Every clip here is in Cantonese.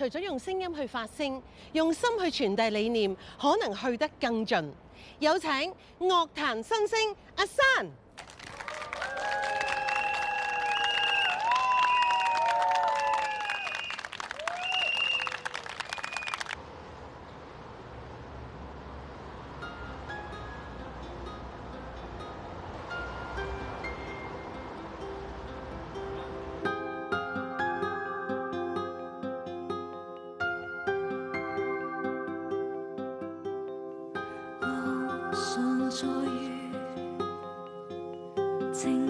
除咗用聲音去發聲，用心去傳遞理念，可能去得更盡。有請樂壇新星阿珊。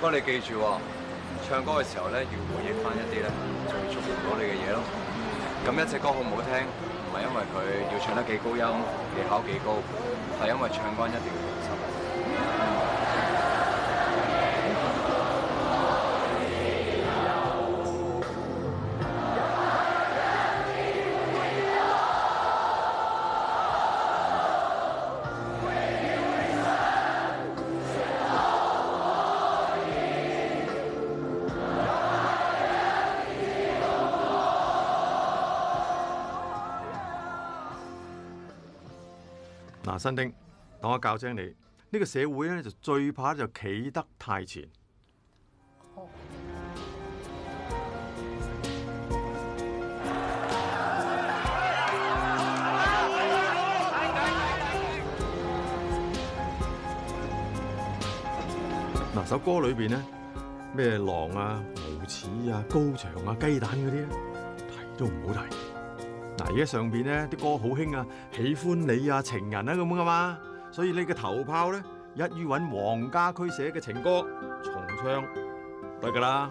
哥，你記住喎，唱歌嘅時候咧，要回憶返一啲咧最觸目到你嘅嘢咯。咁一隻歌好唔好聽，唔係因為佢要唱得幾高音，技巧幾高，係因為唱歌一定要用心。嗱，新丁，等我教精你，呢個社會咧就最怕就企得太前。嗱，首歌裏邊咧，咩狼啊、無恥啊、高牆啊、雞蛋嗰啲咧，提都唔好提。嗱，依家上邊呢啲歌好興啊，喜歡你啊，情人啊咁樣嘛，所以你嘅頭炮咧一於揾黃家駒寫嘅情歌重唱得㗎啦。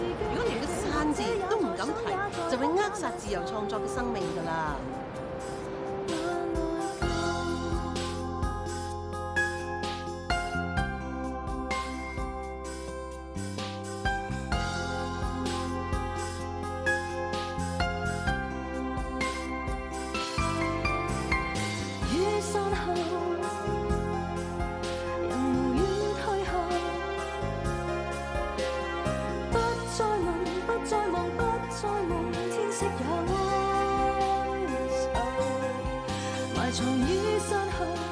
如果連個傘字都唔敢提，就會扼殺自由創作嘅生命㗎啦！藏於身後。